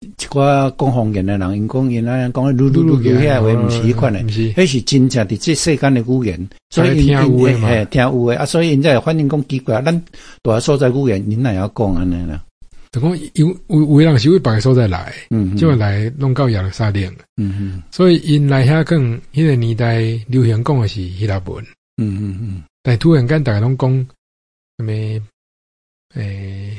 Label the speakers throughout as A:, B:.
A: 一寡講方言誒人，講原來講嚕嚕嚕叫話毋是迄款誒，係、喔嗯、是，是真正佇即世間誒語言。所以聽嘅係、欸、聽誒，啊，所以因才會反應講奇怪。咱大所在語言仍然要講安尼啦。咁講有有
B: 有人是位別個所在來，嗯、哼就來弄到廿六沙丁。嗯嗯哼，所以因嚟下講迄個年代流行講誒是希臘文。嗯嗯哼嗯，但突然間大家攏講咩？誒。欸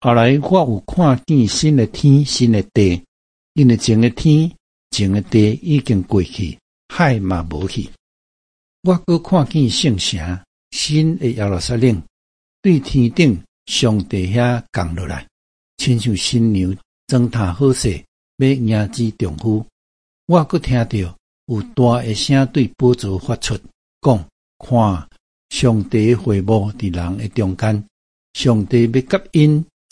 A: 後來，我有看見新嘅天，天，新嘅地，因為舊嘅天、舊嘅地已經過去，海嘛無去。我閣看見聖城，新嘅耶路撒冷，對天頂上，上帝遐降落來，親像新娘，爭啖好勢，要壓枝丈夫。我閣聽到有大誒聲對寶座發出講：看上，上帝會無佇人誒中間，上帝要急因。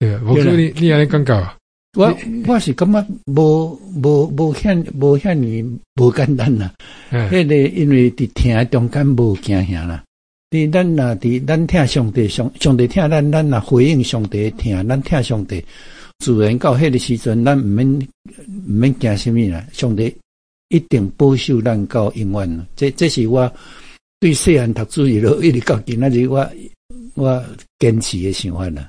A: 誒、啊，我叫你你點解是感覺冇冇冇響冇響你，冇簡單啦。個因為啲聽的中間冇驚吓啦。你咱嗱，啲咱聽上帝上，上帝聽咱，咱啊回應上帝聽，咱聽上帝。自然到嗰個時陣，咱唔免唔免驚咩啦？上帝一定保守咱到永遠。這這是我對細漢讀書義一路一直到今嗱就我我堅持的想法啦。